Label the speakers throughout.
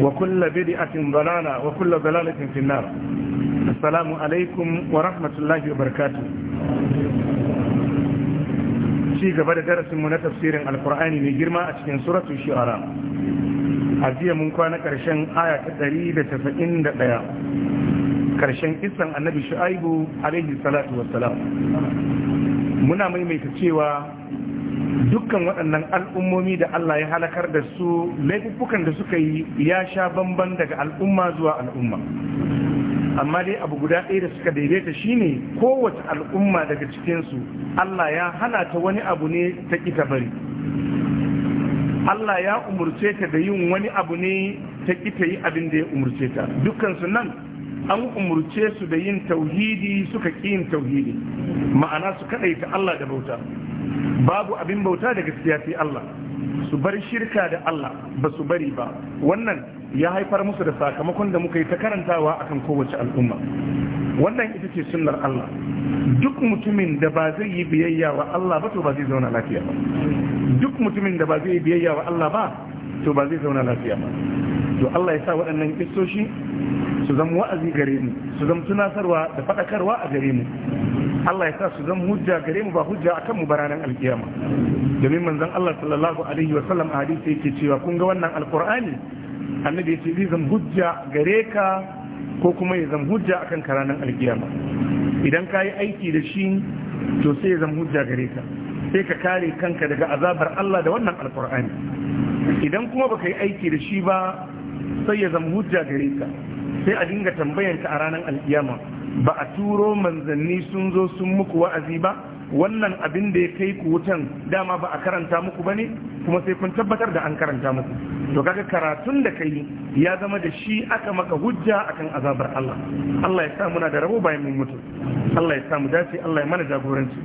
Speaker 1: وكل بدعة ضلالة وكل ضلالة في النار السلام عليكم ورحمة الله وبركاته شيء قبل درس من تفسير القرآن من جرمى أتكين سورة الشعراء هذه من كان كرشان آية تقريبة فإن دقيا كرشان إسلام النبي شعيب عليه الصلاة والسلام muna maimaita cewa dukkan waɗannan al'ummomi da Allah ya halakar da su laifukan da suka yi ya sha bamban daga al'umma zuwa al'umma amma dai abu guda ɗaya da suka daidaita shine kowace al'umma daga cikinsu Allah ya hana ta wani abu ne ta ƙi ta bari Allah ya umurce ta da yin wani abu ne ta ƙi ta yi abin da ya umarce ta dukkansu nan an umurce su da yin tauhidi suka ƙi yin tauhidi ma'ana su kaɗaita Allah da bauta babu abin bauta da gaskiya sai Allah su bar shirka da Allah ba su bari ba wannan ya haifar musu da sakamakon da muka yi ta karantawa akan kowace al'umma wannan ita ce sunnar Allah duk mutumin da ba zai yi biyayya wa Allah ba to ba zai zauna lafiya ba duk mutumin da ba zai yi biyayya wa Allah ba to ba zai zauna lafiya ba to Allah ya sa waɗannan kissoshi su zama wa'azi gare mu su zama tunasarwa da faɗakarwa a gare mu Allah ya sa su zama hujja gare mu ba hujja akan mu baranan alkiyama domin manzon Allah sallallahu alaihi wa sallam hadisi yake cewa kun ga wannan alqur'ani annabi yace zai zama hujja gare ka ko kuma ya zama hujja akan karanan alkiyama idan ka yi aiki da shi to sai ya zama hujja gare ka sai ka kare kanka daga azabar Allah da wannan alqur'ani idan kuma baka yi aiki da shi ba sai ya zama hujja gare ka sai a dinga tambayanta a ranar alkiyama ba a turo manzanni sun zo sun muku wa'azi ba wannan abin da ya kai ku wutan dama ba a karanta muku ba ne kuma sai kun tabbatar da an karanta muku to kaga karatun da kai ya zama da shi aka maka hujja akan azabar Allah Allah ya sa muna da rabo bayan mun mutu Allah ya sa mu dace Allah ya mana jagoranci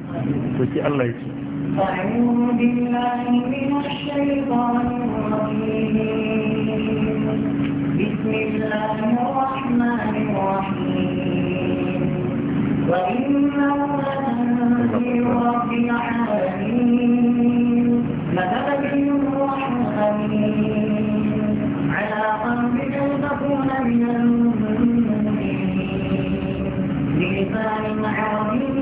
Speaker 1: to ki Allah ya ci
Speaker 2: أعوذ بالله من الشيطان الرجيم بسم الله الرحمن الرحيم وإنه لتنزيل رب العالمين متبكر الرحمن على قلبك تكون من المنذرين بلسان عربي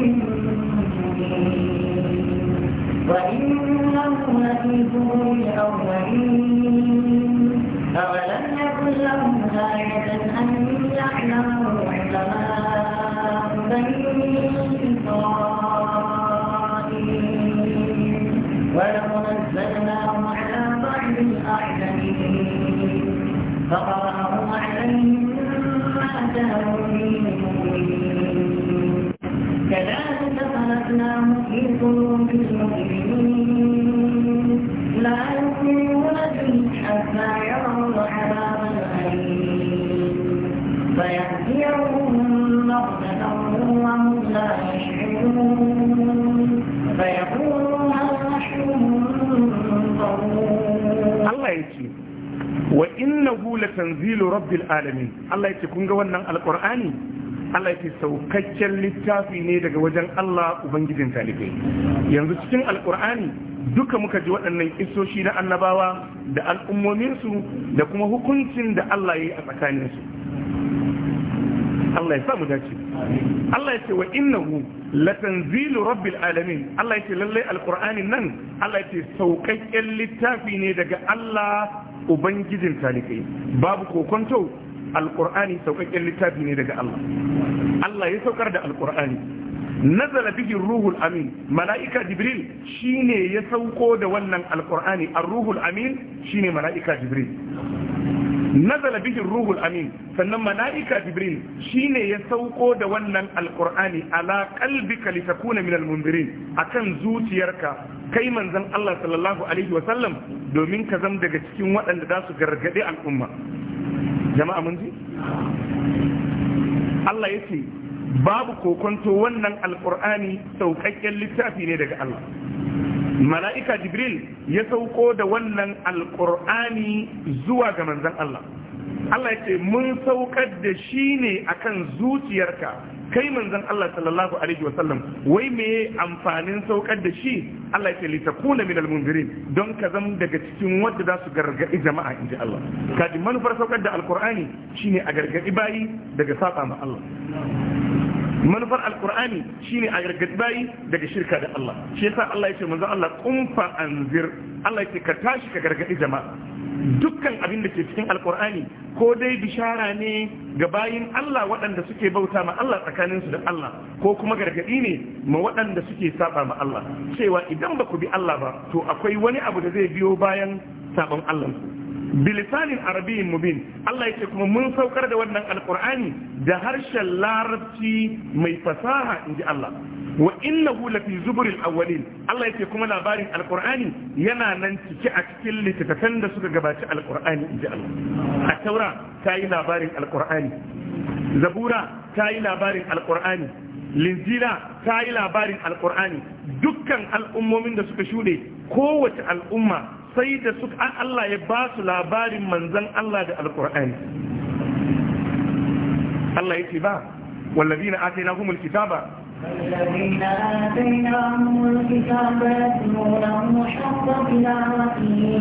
Speaker 2: وإنه لفي زبر الأولين لهم غاية أن يعلموا علماء بني إسرائيل ولو نزلناه على بعض الأعلمين فقرأه عليهم ما كانوا به مؤمنين كذلك فيأتيهم بغتة وهم لا يشعرون فيقولوا
Speaker 1: هل wa rabbil alamin Allah ce kun ga wannan alqur'ani Allah ce saukakken littafi ne daga wajen Allah ubangijin talibai yanzu cikin alqur'ani duka muka ji waɗannan isoshi na annabawa da al'ummomin su da kuma hukuncin da Allah yi a tsakanin su Allah ya sa mu dace Allah ya ce wa innahu latanzilu rabbil alamin Allah ya ce lalle alqur'anin nan Allah ya ce saukakken littafi ne daga Allah ubangijin talikai babu kokonto alqur'ani saukakken littafi ne daga Allah Allah ya saukar da alqur'ani nazala bihi ruhul amin mala'ika jibril shine ya sauko da wannan alqur'ani ar-ruhul amin shine mala'ika jibril nazala bihi ruhul amin sannan mala'ika jibril shine ya sauko da wannan alqur'ani ala qalbika litakuna min almunzirin akan zuciyarka kai manzon Allah sallallahu alaihi wasallam domin ka zama daga cikin waɗanda za su gargade al'umma jama'a mun ji Allah yace babu kokonto wannan alqur'ani saukakken littafi ne daga Allah mala'ika jibril ya sauko da wannan alƙur'ani zuwa ga manzan Allah Allah ya ce mun saukar da shi ne akan zuciyarka kai manzan Allah sallallahu alaihi wasallam wai me amfanin saukar da shi Allah ya ce litakuna min munzirin don ka zama daga cikin wanda za su gargaɗi jama'a in ji Allah kaji manufar saukar da alƙur'ani shine a gargaɗi bayi daga saba ma Allah manufar alkur'ani shine a gargadi bayi daga shirka da Allah shi yasa Allah ya ce manzo Allah kumfa anzir Allah ya ka tashi ka gargadi jama'a dukkan abin da ke cikin alkur'ani ko dai bishara ne ga bayin Allah waɗanda suke bauta ma Allah tsakanin su da Allah ko kuma gargadi ne ma waɗanda suke saba ma Allah cewa idan ba ku bi Allah ba to akwai wani abu da zai biyo bayan sabon Allah bilisanin arabiyin mubin Allah ya ce kuma mun saukar da wannan alkur'ani da harshen larabci mai fasaha in ji Allah wa inna lafi zuburin awwalin Allah ya ce kuma labarin alkur'ani yana nan cike a cikin littattafan da suka gabaci alkur'ani in ji Allah a taura ta yi labarin alkur'ani zabura ta yi labarin alkur'ani linzira ta yi labarin alkur'ani dukkan al'ummomin da suka shuɗe kowace al'umma sai da su Allah ya ba su labarin manzan Allah da alkur'ani Allah ya ce ba wallazina atainahumul kitaba
Speaker 2: الذين آتيناهم الكتاب يتلونه حق تلاوته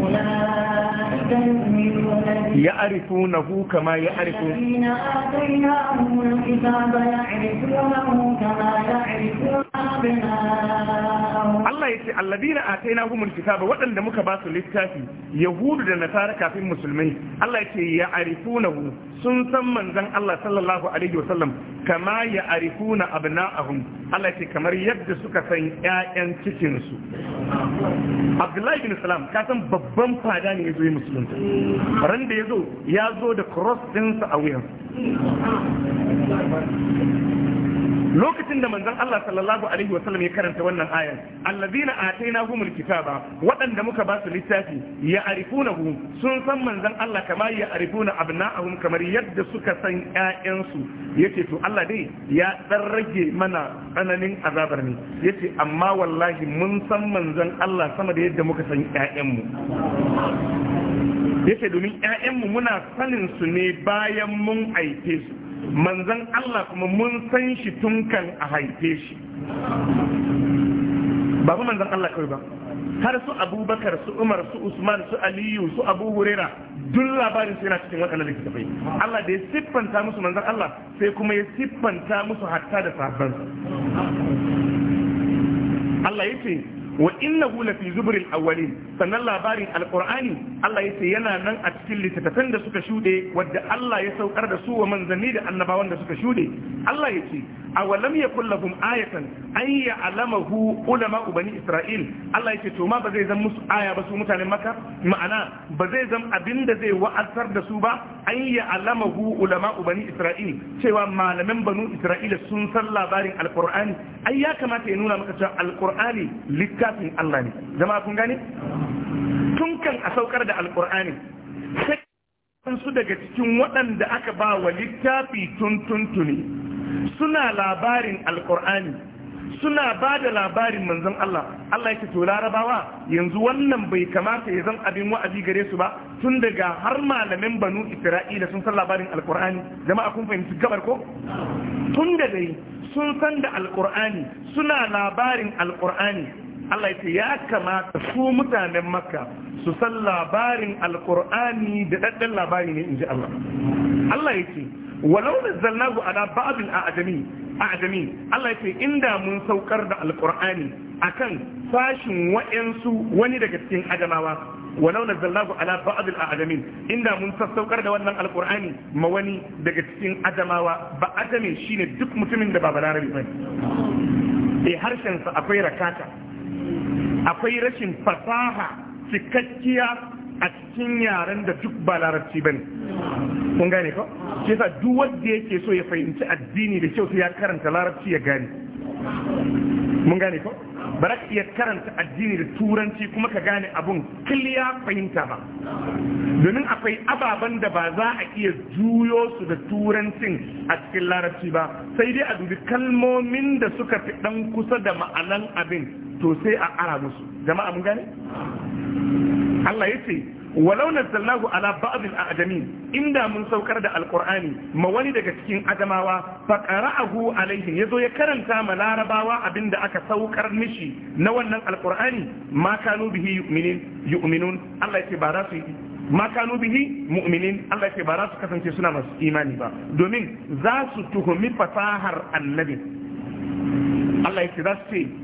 Speaker 2: أولئك يؤمنون
Speaker 1: يعرفونه كما يعرفون
Speaker 2: الذين آتيناهم الكتاب يعرفونه كما يعرفون
Speaker 1: Allah ya ce alladina ataina humul kitaba waɗanda muka ba su littafi yahudu da nasara kafin musulmai Allah ya ce ya arifunahu sun san manzon Allah sallallahu alaihi kama abna'ahum Allah ce kamar yadda suka san ƴaƴan cikin su Abdullahi bin Salam ka san babban fada ne yazo musulunta ran da yazo ya zo da cross din sa a wuyan lokacin da manzon Allah sallallahu alaihi wa sallam ya karanta wannan ayan allazina atainahumul kitaba waɗanda muka ba su littafi ya arifunahu sun san manzon Allah kama ya arifuna abna'ahum kamar yadda suka san ƴaƴansu yace to Allah dai ya dan rage mana tsananin azabar ne yace amma wallahi mun san manzon Allah sama da yadda muka san ƴaƴanmu yace domin ƴaƴanmu muna sanin su ne bayan mun aike su manzan Allah kuma mun san shi tun kan a haife shi ba manzan Allah kawai ba har su abubakar su umar su usman su aliyu su abu huraira duk labarin su yana cikin waɗannan littattafai Allah da ya siffanta musu manzan Allah sai kuma ya siffanta musu hatta da sahabbansa Allah ya wa innahu la fi zubril awwalin sannan labarin alqur'ani Allah yace yana nan a cikin littattafan da suka shuɗe wadda Allah ya saukar da su wa manzanni da annabawan da suka shuɗe? Allah yace awalam ya lahum ayatan an ya'lamahu ulama ubani isra'il Allah yace to ma ba zai zan musu aya ba su mutanen maka? ma'ana ba zai zan abinda zai wa'azar da su ba an ya'lamahu ulama bani isra'il cewa malaman banu isra'ila sun san labarin alqur'ani ai ya kamata ya nuna maka cewa alkur'ani littafin Allah ne Zama kun gane tun kan a saukar da alkur'ani sai su daga cikin waɗanda aka ba wa littafi tun tuntuni suna labarin alkur'ani suna ba da labarin manzon Allah Allah ya ce to larabawa yanzu wannan bai kamata ya zan abin wa'azi gare su ba tun daga har malamin banu isra'ila sun san labarin alkur'ani jama'a kun fahimci gabar ko tun da dai sun san da alkur'ani suna labarin alkur'ani Allah ya ce ya kamata su mutanen maka su san labarin alkur'ani da daddan labari ne in ji Allah Allah ya ce walau nazzalnahu ala ba'dil a'jami a'jami Allah ya ce inda mun saukar da alkur'ani akan fashin wa'ansu wani daga cikin adamawa walau nazzalnahu ala ba'dil a'jami inda mun saukar da wannan alkur'ani ma wani daga cikin adamawa ba adamin shine duk mutumin da ba balarabi bane eh harshen sa akwai rakata akwai rashin fasaha cikakkiya a cikin yaren da duk ba larabci ne. kun gane ko shi yasa duk wanda yake so ya fahimci addini da kyau sai ya karanta larabci ya gane mun gane ko ba za karanta addini da turanci kuma ka gane abun kiliya fahimta ba domin akwai ababen da ba za a iya juyo su da turancin a cikin larabci ba sai dai a dubi kalmomin da suka fi dan kusa da ma'anan abin to sai a ara musu jama'a mun gane Allah ya ce walau nazzalnahu ala ba'adin al inda mun saukar da alkur'ani ma wani daga cikin adamawa ahu qara'ahu ya zo ya karanta ma larabawa abinda aka saukar mishi na wannan alkur'ani ma kanu bihi yu'minun Allah ya ce ba za su yi ma kanu bihi mu'minin Allah ce ba za su kasance suna masu imani ba domin za su tuhumi fasahar annabi Allah ce za su ce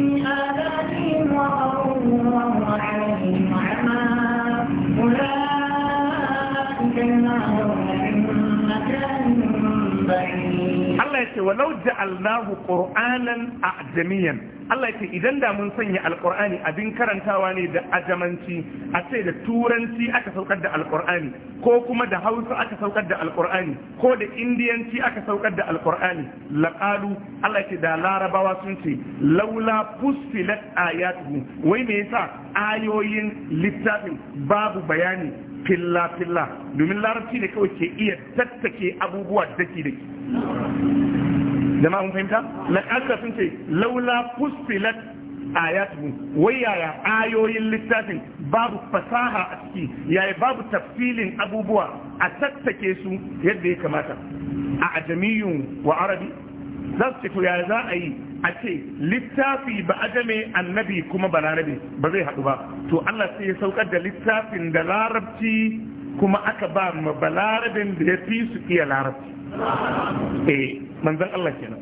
Speaker 1: Allah ya ce walau ja'alnahu qur'anan ajamiyan Allah ya ce idan da mun sanya alqur'ani abin karantawa ne da ajamanci a ce da turanci aka saukar da alqur'ani ko kuma da Hausa aka saukar da alqur'ani ko da indiyanci aka saukar da alqur'ani laqalu Allah ya ce da larabawa sun ce laula fusfilat ayatuhu wai me yasa ayoyin littafin babu bayani filla-filla domin larabci ne kawai ke iya tattake abubuwa daki daki jama'a mun fahimta na aka sun ce laula fusfilat ayatu wai yaya ayoyin littafin babu fasaha a ciki yaya babu tafsilin abubuwa a tattake su yadda ya kamata a ajamiyun wa arabi za su ce to yaya za a yi a ce littafi ba annabi kuma ba larabe ba zai haɗu ba to Allah sai ya saukar da littafin da larabci kuma aka ba ma ba da ya fi su iya larabci eh manzon Allah kenan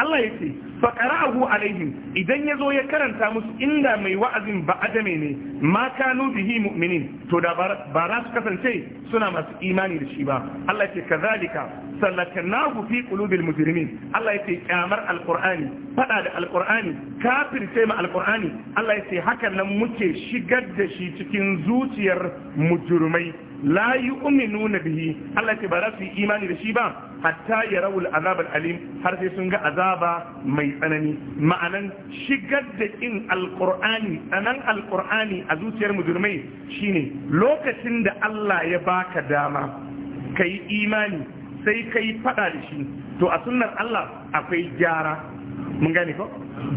Speaker 1: Allah ya ce faƙara'ahu alaihim idan ya zo ya karanta musu inda mai wa'azin ba adame ne ma kanu bihi mu'minin to da ba za su kasance suna masu imani da shi ba Allah ce kazalika salaknahu fi qulubil mujrimin Allah yace kyamar alkur'ani fada da alqur'ani kafirce ma alkur'ani Allah ce hakan nan muke shigar da shi cikin zuciyar mujirmai la na bihi Allah ce ba za su yi imani da shi ba hatta yarawul azab alim har sai sun ga azaba mai tsanani ma'anan shigar da in Alƙur'ani, tsanan alkur'ani a zuciyar mujirmai shine lokacin da Allah ya baka dama kai imani sai kai fada da shi to a sunnar Allah akwai gyara mun gane ko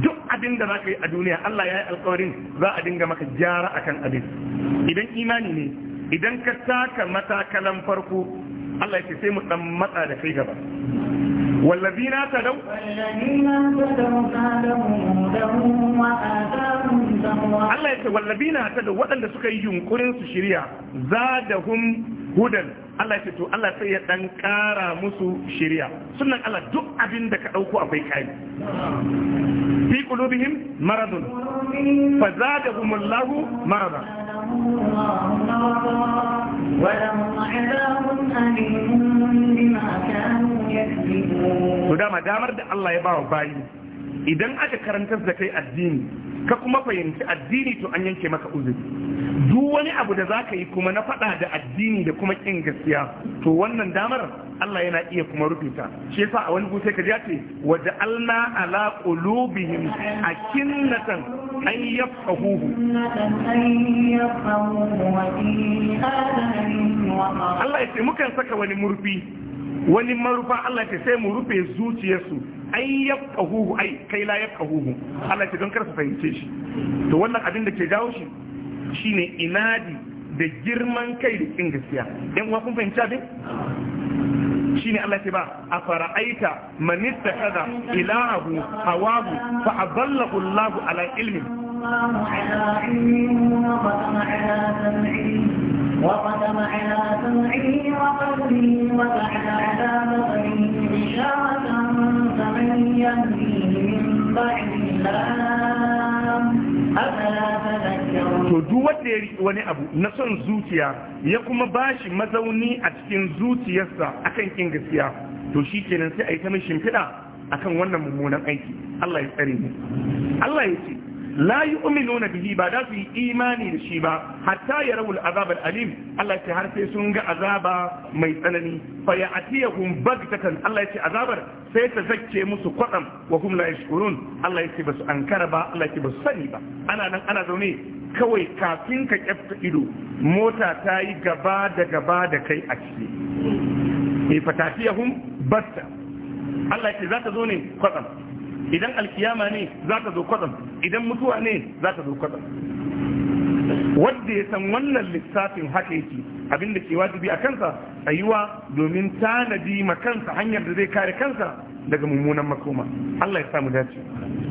Speaker 1: duk abin da zaka yi a duniya Allah ya yi alƙawarin za a dinga maka gyara akan abin idan imani ne idan ka taka matakalan farko Allah ya ce sai mu dan matsa da kai gaba والذين اهتدوا Allah ya ce wallabina ta da waɗanda suka yi yunkurin su shirya zadahum hudan Allah ya ce to Allah sai ya dan kara musu shiriya sunan Allah duk abin da ka dauko akwai kai fi qulubihim maradun Allah marada to da damar da Allah ya ba wa bayi idan aka karantar da kai addini ka kuma fahimci addini to an yanke maka uzuri duk wani abu da zaka yi kuma na faɗa da addini da kuma kin gaskiya to wannan damar Allah yana iya kuma rufe ta shi yasa a wani gute ka ce wa ja'alna ala qulubihim akinnatan an yafqahuhu Allah ya ce mukan saka wani murfi wani marufa Allah ya ce sai mu rufe zuciyarsu ai yafqahuhu ai kai la yafqahuhu Allah ya don kar su fahimce shi to wannan abin da ke jawo shi shine inadi da girman kai da kin gaskiya dan uwa kun fahimci abin shine Allah ya ba a fara'aita man ittakhadha ilahu hawahu fa adallahu Allah ala ilmi
Speaker 2: وختم على سمعه وقلبه وجعل على بصره غشاوة فمن يهديه من بعد الله أفلا to
Speaker 1: duk wanda ya riƙe wani abu na son zuciya ya kuma ba shi mazauni a cikin zuciyarsa akan kin gaskiya to shi kenan sai a yi ta mai shimfiɗa akan wannan mummunan aiki Allah ya tsare ni, Allah ya ce la na bihi ba da su yi imani da shi ba hatta ya rawul azabar alim Allah ya ce har sai sun ga azaba mai tsanani fa ya'tiyahum kan. Allah ya ce azabar sai ta zakke musu kwadam wa hum la yashkurun Allah ya ce basu ankara ba Allah ya ce su sani ba ana nan ana zaune kawai kafin ka kyafta ido mota ta yi gaba da gaba da kai a ciki ne fa tatiyahum batta Allah ya ce za ta zo ne kwatsam idan alkiyama ne za ka zo kwatsam idan mutuwa ne za ka zo kwatsam wadda ya san wannan lissafin haka abin abinda ke wajibi a kansa tsayuwa domin tanadi ma kansa hanyar da zai kare kansa daga mummunan makoma Allah ya samu dace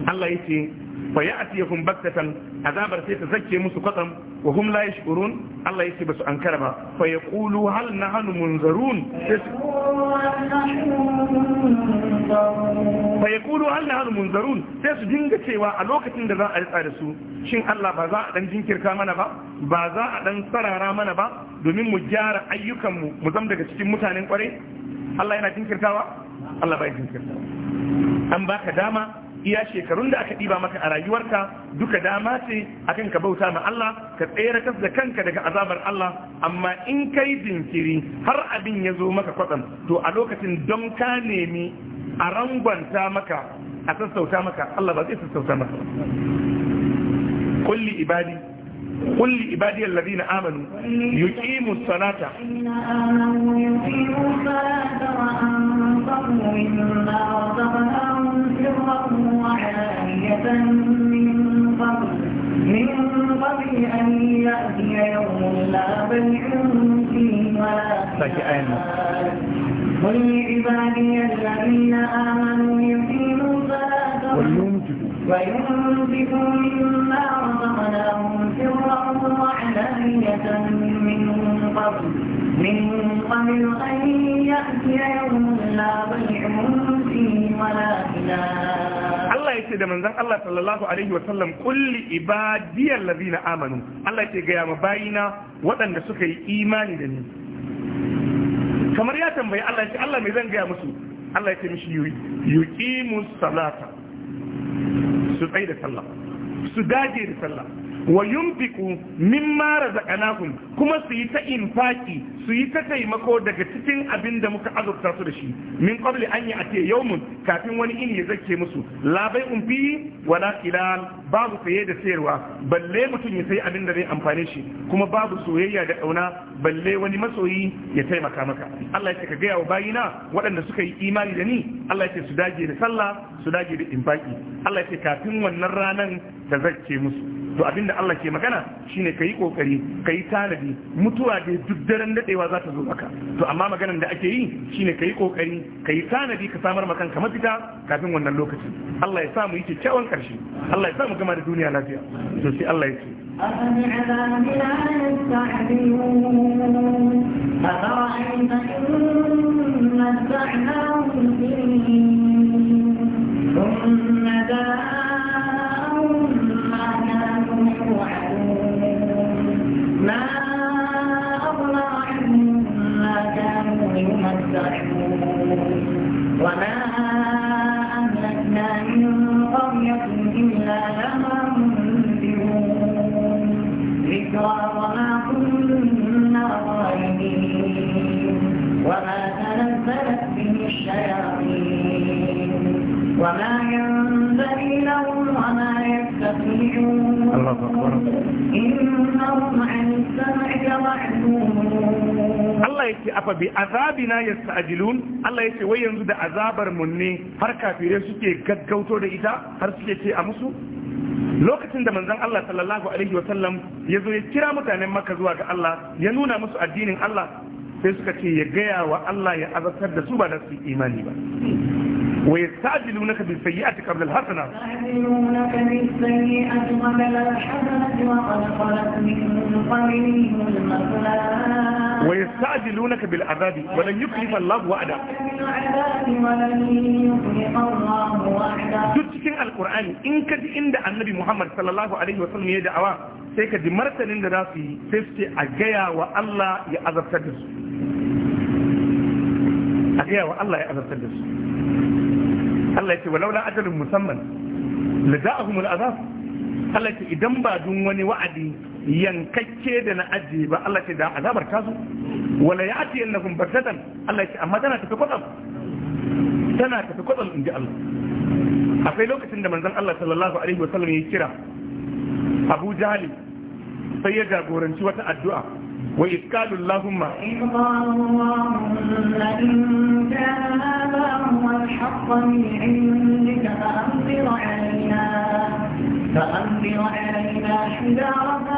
Speaker 1: Allah ya ce fa ya'tiyakum baktatan azabar sai ta zakke musu kwatsam wa hum la yashkurun Allah ya ce basu ankara ba fa yaqulu hal nahnu munzarun fa yaqulu hal nahnu munzarun sai su dinga cewa a lokacin da za a yi da su shin Allah ba za a dan jinkirka mana ba ba za a ɗan sarara mana ba domin mu gyara ayyukanmu mu zama daga cikin mutanen kwarai? Allah yana jinkirtawa Allah bai jinkirta. an baka dama iya shekarun da aka ɗiba maka a rayuwarka duka dama ce akan ka bauta ma Allah ka tsere kas da kanka daga azabar Allah amma in kai jinkiri har abin ya zo maka kwatsam to a lokacin don ka nemi a rangwanta maka a sassauta maka Allah ba zai sassauta maka kulli ibadi قل لعبادي الذين آمنوا يقيموا الصلاة
Speaker 2: يقيموا الصلاة وأنفقوا مما رزقناهم سرا وعلانية من من قبل أن يأتي يوم لا ولا قل عبادي الذين آمنوا يقيموا الصلاة وينفقوا مما رزقناهم سرا وعلانية من قبل من قبل أن يأتي يوم لا بيع فيه ولا
Speaker 1: Allah ya ce da manzan Allah sallallahu Alaihi wasallam kulli ibadiyar lazina amanu Allah ya ce gaya ma bayina waɗanda suka yi imani da ni kamar ya tambayi Allah ya ce Allah mai zan gaya musu Allah ya ce mishi yuqimus salata su tsaye da sallah su dage da sallah wa yunfiku mimma razaqnakum kuma su yi ta infaki su yi ta taimako daga cikin abin da muka azurta su da shi min qabli an yi ate yawmun kafin wani in ya zake musu la um fi wala babu saye da sayarwa balle mutum ya sai abin da zai amfane shi kuma babu soyayya da kauna balle wani masoyi ya taimaka maka Allah ya ce ka ga yawo bayina waɗanda suka yi imani da ni Allah ya ce su dage da sallah su dage da infaki Allah ya ce kafin wannan ranan da zake musu to abinda Allah ke magana shine kai kokari kai tanadi mutuwa dai duk daren dadewa za ta zo maka to amma maganar da ake yi shine kai kokari kai tanadi ka samar maka kanka mafita kafin wannan lokaci Allah ya sa mu yi kyakkyawan karshe Allah ya sa mu gama da duniya lafiya to sai Allah ya ce
Speaker 2: أفرأيت إن متعناهم سنين ثم جاءوا وما أهلكنا من قرية إلا لها منذرون ذكرى وما كنا ظالمين وما تنزلت به الشياطين وما ينبغي لهم وما يستطيعون إنهم عن السمع
Speaker 1: yake afa bi azabina yasta'jilun Allah yake wai yanzu da azabar mun ne har kafire suke gaggauto da ita har suke ce a musu lokacin da manzon Allah sallallahu alaihi wa sallam ya zo ya kira mutanen Makka zuwa ga Allah ya nuna musu addinin Allah sai suka ce ya gaya wa Allah ya azabtar da su ba da su imani ba ويستعجلونك بالسيئات قبل الحسنة
Speaker 2: يستعجلونك بالسيئات قبل الحسنة وقد خلت من قبلهم المثلات
Speaker 1: ويستعجلونك بالعذاب ولن يكلف الله وعدا duk cikin alkur'ani in ka ji inda annabi muhammad sallallahu a wasallam ya da'awa sai ka ji martanin da za su yi sai su ce a gaya wa da wa allah ya azabtar da su Allah ya ce walaula ajalun musamman la da'ahumul azab Allah ce idan ba dun wani wa'adi yankakke da na aji ba Allah ce da azabar ta zo wala ya ati yannakum bagdatan Allah ce amma tana tafi kwatsam tana tafi kwatsam in ji Allah akwai lokacin da manzon Allah sallallahu alaihi wasallam ya kira Abu Jahali sai ya jagoranci wata addu'a وإذ قالوا اللهم إذ
Speaker 2: اللهم إن كان هذا هو الحق من عندك فأمطر علينا فأمطر علينا حجارة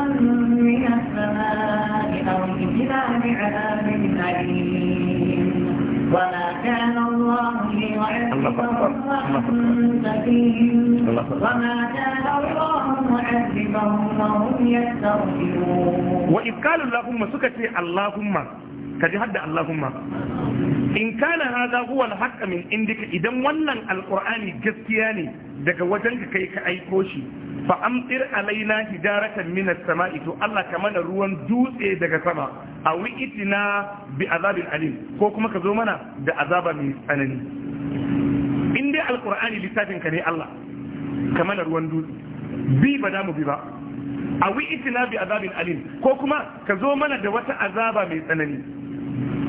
Speaker 2: من السماء أو ائتنا بعذاب أليم وما كان الله ليعذبهم وأنت فيهم وما
Speaker 1: وإذ قالوا اللهم سكتي اللهم kaji hadda Allahumma in kana hada huwa al-haqq min indika idan wannan Alƙur'ani gaskiya ne daga wajen ka ka aiko shi fa amtir alaina hijaratan minas sama'i to Allah ka mana ruwan dutse daga sama a wi'itina bi azabin alim ko kuma ka zo mana da azaba mai tsanani in dai alqur'ani littafin ka ne Allah ka mana ruwan dutse bi ba da mu bi ba a wi'itina bi azabin alim ko kuma ka zo mana da wata azaba mai tsanani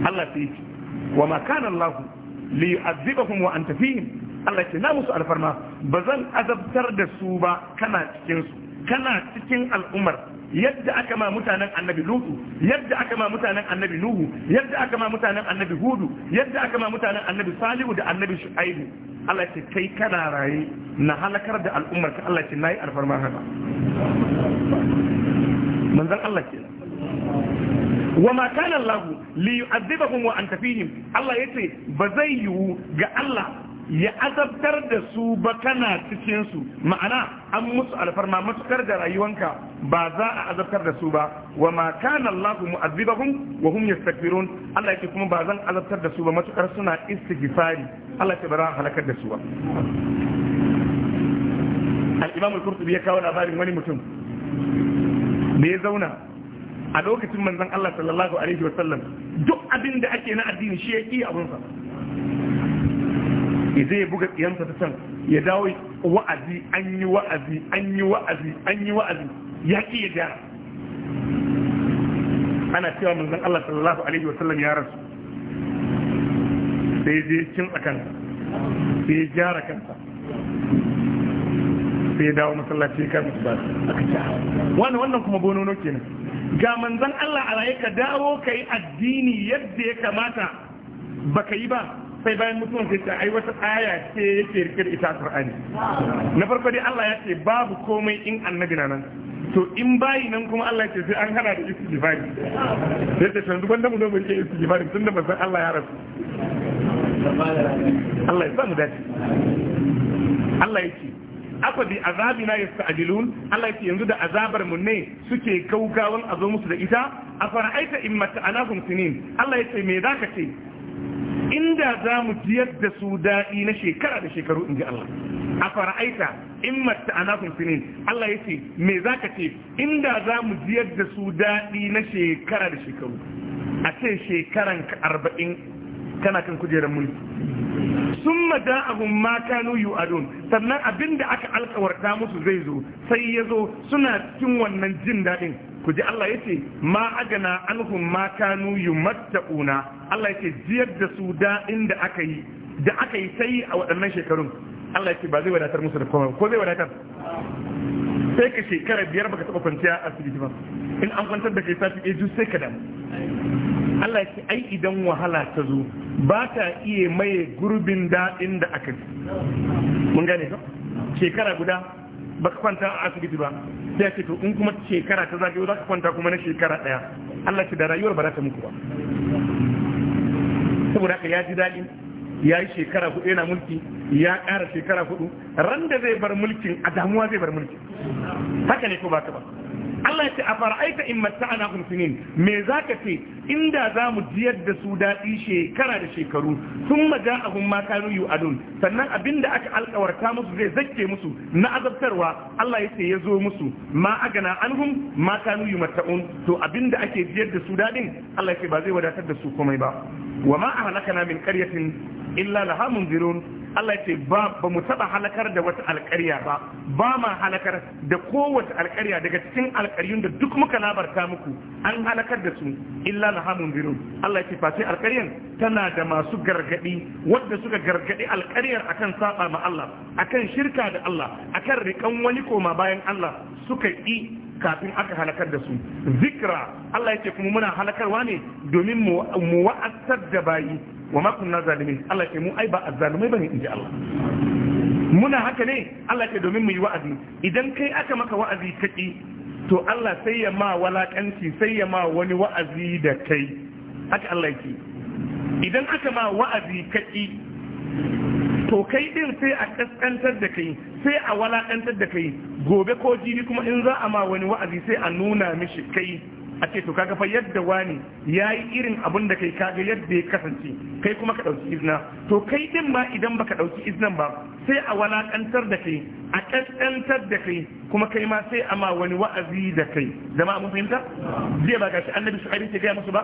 Speaker 1: Allah sai wa ma kana Allah li yu'azzibahum wa anta fihim Allah ce na musu alfarma ba zan azabtar da su ba kana cikinsu kana cikin al'ummar yadda aka ma mutanen annabi lutu yadda aka ma mutanen annabi nuhu yadda aka ma mutanen annabi hudu yadda aka ma mutanen annabi salihu da annabi shu'aibu Allah ce kai kana raye na halakar da al'ummar ka Allah ce nayi alfarma haka manzon Allah kenan وما كان الله ليعذبهم وانت فيهم الله يتي بزيو ga Allah ya azabtar da su ba kana cikin ma'ana an musu alfarma matukar da rayuwanka ba za a azabtar da su ba wa ma kana Allah wa hum yastakbirun Allah yake kuma ba zan azabtar da su ba matukar suna istighfari Allah ya bara halakar da su ba al-Imam al-Qurtubi ya kawo labarin wani mutum da ya zauna a lokacin manzon Allah sallallahu alaihi sallam duk abin da ake na addini shi yake abunsa zai ya buga tsiyansa ta can ya dawo wa'azi an yi wa'azi an yi wa'azi an yi wa'azi ya ƙi ya gyara ana cewa manzon Allah sallallahu alaihi wa sallam ya rasu sai je cin akan sai ya gyara kansa sai ya dawo masallaci ya kama ba aka ci wannan wannan kuma bonono kenan ga manzon Allah a raye ka dawo kai addini yadda ya kamata baka yi ba sai bayan mutuwan sai ta ai wata aya ce yake rike da ita Qur'ani na farko dai Allah ya ce babu komai in annabi na nan to in bayi nan kuma Allah ya ce sai an hada da istighfari sai ta san duban da mu zo ke istighfari tunda ba san Allah ya rasu Allah ya san mu dace Allah ya ce Aka bi azabina yasta'jilun Allah ya ce yanzu da azabar mu ne suke kaugawan azo musu da ita aita in mata'anahum sinin Allah ya ce me zaka ce inda za mu jiyar da su daɗi na shekara da shekaru in ji Allah a fara'aita in a anakun sinin Allah ya ce me za ka ce inda za mu jiyar da su daɗi na shekara da shekaru a ce shekaran arba'in tana kan kujerar mulki sun mada abun ma nuyu a don, sannan abin da aka alkawarta musu zai zo sai ya zo suna cikin wannan jin daɗin ku ji Allah ya ce ma agana anhum ma kanu yumatta'una Allah ya ce jiyar da su da inda aka yi da aka yi sai a waɗannan shekarun Allah ya ce ba zai wadatar musu da komai ko zai wadatar sai ka shekara biyar baka taɓa kwanciya a asibiti ba in an kwantar da kai sati ɗaya ju sai ka damu Allah ya ce ai idan wahala ta zo ba ta iya maye gurbin daɗin da aka yi mun gane ka shekara guda baka kwanta a asibiti ba sai ce to in kuma shekara ta zagayo za ka kwanta kuma na shekara ɗaya Allah ce da rayuwar ba za ta muku ba saboda ka ya ji daɗi ya yi shekara hudu yana mulki ya ƙara shekara hudu ran da zai bar mulkin a damuwa zai bar mulki haka ne ko ba ka ba Allah ya ce a fara'aita in matta'ana sinin me ka ce inda za mu jiyar da su daɗi shekara da shekaru sun maja abun ma kanu adun sannan abin da aka alkawarta musu zai zake musu na azabtarwa Allah ya ce ya zo musu ma agana anhum ma kanu yu mata'un, to abin da ake jiyar da su daɗin Allah ya ce ba zai wadatar da su komai ba wa ma na min karyatin illa laha munzirun Allah ce ba mu taɓa halakar da wata alƙarya ba ba ma halakar da kowace alƙarya daga cikin alƙaryun da duk muka labarta muku an halakar da su illa lahamun birun Allah ce face alƙaryan tana da masu gargadi wanda suka gargadi alƙaryar akan saɓa ma Allah akan shirka da Allah akan rikan wani koma bayan Allah suka yi kafin aka halakar da su zikra Allah ya ce kuma muna halakarwa ne domin mu wa'asar da bayi wa ma kunna zalimin Allah ke mu ai ba azzalumai bane inji Allah muna haka ne Allah ke domin mu yi wa'azi idan kai aka maka wa'azi kaki to Allah sai ya ma walakanci sai ya ma wani wa'azi da kai haka Allah yake idan aka ma wa'azi kaki to kai din sai a kaskantar da kai sai a walakantar da kai gobe ko jini kuma in za a ma wani wa'azi sai a nuna mishi kai a ce to kaga fa yadda wani yayi irin abun da kai kaga yadda ya kasance kai kuma ka dauki izna to kai din ma idan baka dauki iznan ba sai a walakantar da kai a kaskantar da kai kuma kai ma sai a ma wani wa'azi da kai jama'a mun fahimta zai ba gashi annabi shu'aibi ke ga musu ba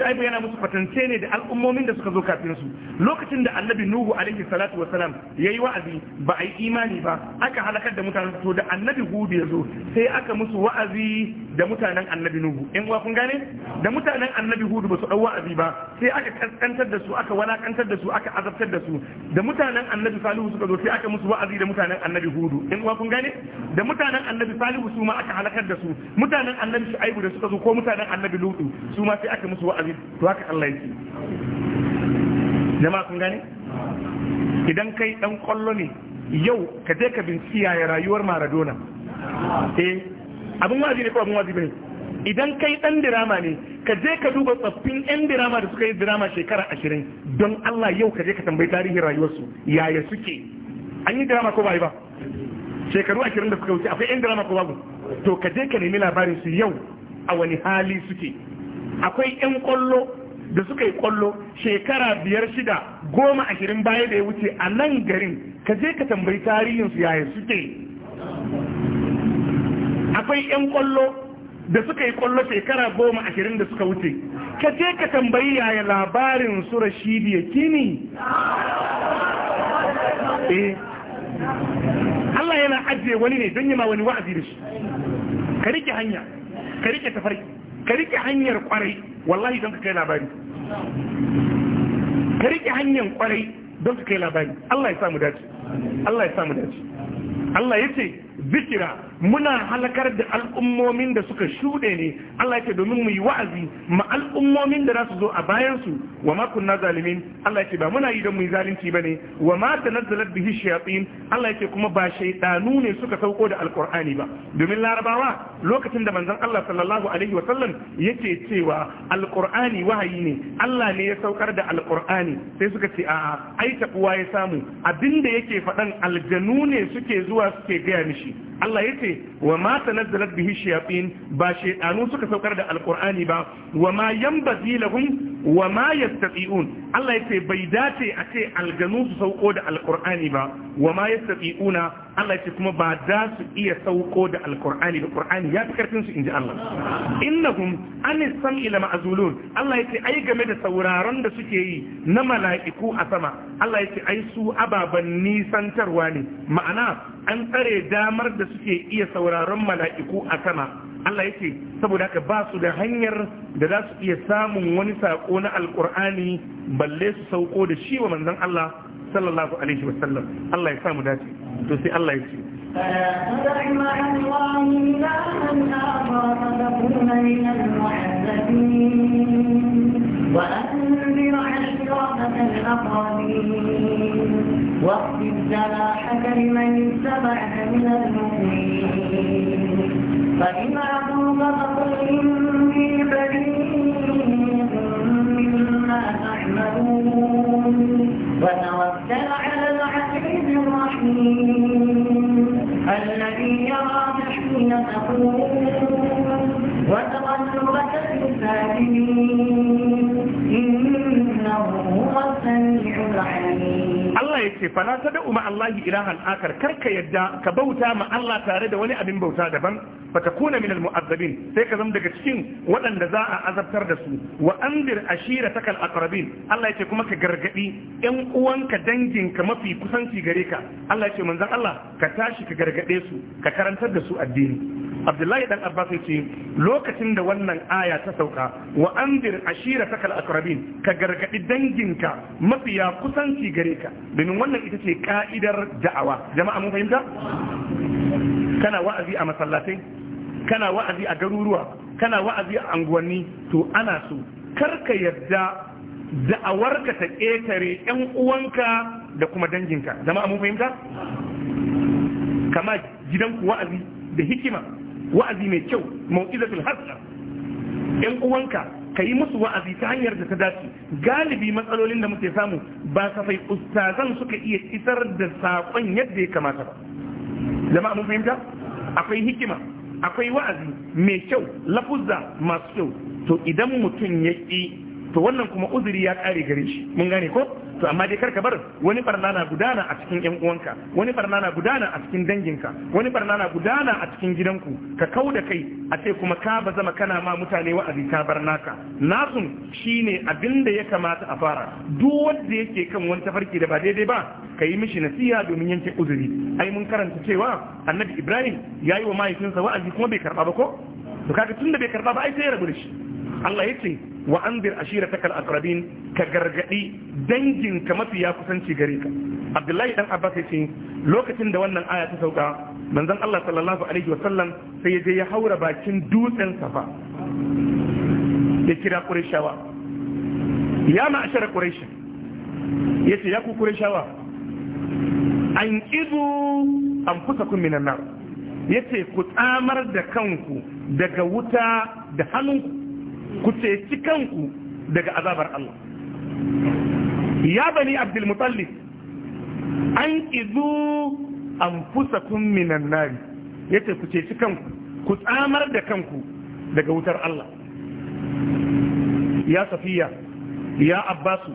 Speaker 1: shu'aibu yana musu kwatance ne da al'ummomin da suka zo kafin su lokacin da annabi nuhu alaihi salatu wa wasalam yayi wa'azi ba a yi imani ba aka halakar da mutanen to da annabi hudu ya zo sai aka musu wa'azi da mutanen annabi nuhu in wa kun gane da mutanen annabi hudu ba su dau wa'azi ba sai aka kaskantar da su aka walakantar da su aka azabtar da su da mutanen annabi salihu suka zo sai aka musu wa'azi da mutanen annabi hudu in wa kun gane da mutanen annabi salihu su ma aka halakar da su mutanen annabi shu'aibu da suka zo ko mutanen annabi lutu su ma sai aka musu wa'azi tawhid to haka Allah yake jama'a kun gane idan kai dan kwallo ne yau ka je ka binciya ya rayuwar Maradona eh abun wazi ne ko abun wazi ne idan kai dan dirama ne ka je ka duba tsaffin yan dirama da suka yi dirama shekara ashirin don Allah yau ka je ka tambayi tarihin rayuwarsu yaya suke an yi dirama ko ba yi ba shekaru ashirin da suka wuce akwai yan dirama ko babu to ka je ka nemi labarin su yau a wani hali suke akwai 'yan kwallo da suka yi kwallo shekara biyar shida goma ashirin baya da ya wuce a nan garin ka je ka tambayi tarihinsu yayin suke akwai 'yan kwallo da suka yi kwallo shekara goma ashirin da suka wuce ka je ka tambayi yaya labarin su rashidi ya kini eh, Allah yana ajiye wani ne don yi ma wani wa'azi da shi ka rike hanya ka rike tafarki ka rike hanyar kwarai wallahi don ka kai labari ka rike hanyar kwarai don ka kai labari Allah ya samu dace Allah ya samu dace Allah ya ce zikira muna halakar da al'ummomin da suka shuɗe ne Allah ya ce domin mu yi wa'azi ma al'ummomin da za su zo a bayan su wa ma kunna zalimin Allah ya ce ba muna yi don mu yi zalunci bane wa ma tanazzalat bihi shayatin Allah ya ce kuma ba shaydanu ne suka sauko da alqur'ani ba domin larabawa lokacin da manzon Allah sallallahu alaihi wa sallam yake cewa alqur'ani wahayi ne Allah ne ya saukar da alqur'ani sai suka ce a'a ai tabuwa ya samu abinda yake faɗan aljanu ne suke zuwa suke gaya mishi Allah ya ce wa ma tanazzalat bihi shayatin ba shaytanu suka saukar da alqur'ani ba wa ma yanbazi lahum wa ma yastati'un Allah ya ce bai dace a ce alganu su sauko da alqur'ani ba wa ma yastati'una Allah ce kuma ba za su iya sauko da alkur'ani da qur'ani ya fi karfin su inji Allah innahum an sam'i la ma'zulun Allah yace ai game da sauraron da suke yi na mala'iku a sama Allah yace ai su ababan nisantarwa ne ma'ana an tsare damar da suke iya sauraron mala'iku a sama Allah yake saboda haka ba su da hanyar da za su iya samun wani sako na alkur'ani balle su sauko da shi wa manzon Allah sallallahu alaihi wasallam Allah ya samu dace to sai Allah ya
Speaker 2: ce وأنذر عشيرتك الأقربين واخفض جناحك لمن اتبعك من المؤمنين فإن عصوك فقل إني مما تعملون وتوكل على العزيز الرحيم الذي يراك حين تقوم وتقلبك في الساجدين
Speaker 1: Allah ya ce fala ta da umar Allah ilahan akar karka yadda ka bauta ma Allah tare da wani abin bauta daban bata kuna min mu'azzabin sai ka zama daga cikin waɗanda za a azabtar da su wa andir ashira takal aqrabin Allah ya ce kuma ka gargadi ƴan uwanka danginka mafi kusanci gare ka Allah ya ce manzon Allah ka tashi ka gargade su ka karantar da su addini Abdullahi dan Abbas ce lokacin da wannan aya ta sauka wa andir ashira takal aqrabin ka gargadi danginka mafiya kusanci gare ka domin wannan ita ce ka'idar da'awa jama'a mun fahimta kana wa'azi a masallatai kana wa'azi a garuruwa kana wa'azi a anguwanni to ana so kar ka yarda da'awarka ta ƙetare 'yan uwanka da kuma danginka jama'a mun fahimta kama gidanku wa'azi da hikima wa'azi mai kyau mau'izatul hasna 'yan uwanka ka yi musu wa'azi ta hanyar da ta dace galibi matsalolin da muke samu ba kafai ustazan suka iya isar da saƙon yadda ya kamata ba zama mun fahimta akwai hikima akwai wa'azi mai kyau lafuzza masu kyau to idan mutum ya ƙi to wannan kuma uzuri ya kare gare shi mun gane ko to amma dai karka bar wani barna na gudana a cikin yan uwanka wani barna na gudana a cikin danginka wani barna na gudana a cikin gidanku ka kau da kai a ce kuma ka ba zama kana ma mutane wa'azi ka bar naka nasun shine abin da ya kamata a fara duk wanda yake kan wani tafarki da ba daidai ba ka yi mishi nasiha domin yanke uzuri ai mun karanta cewa annabi ibrahim ya yi wa mahaifinsa wa'azi kuma bai karba ba ko to kaga tunda bai karba ba ai sai ya rabu da shi Allah ya ce wa anzir ashirataka al-aqrabin ka gargadi dangin ka mafiya kusanci gare ka Abdullahi dan Abbas yace lokacin da wannan aya ta sauka manzon Allah sallallahu alaihi wasallam sai ya je ya haura bakin dutsen Safa ya kira Qurayshawa ya ma'ashara Quraysh ce ya ku Qurayshawa an izu anfusakum minan nar ce ku tsamar da kanku daga wuta da hannunku ku ceci kanku daga azabar Allah ya bani abdul mutallib an izu anfusakum minan nari yace ku ceci kanku ku tsamar da kanku daga wutar Allah ya safiya ya abbasu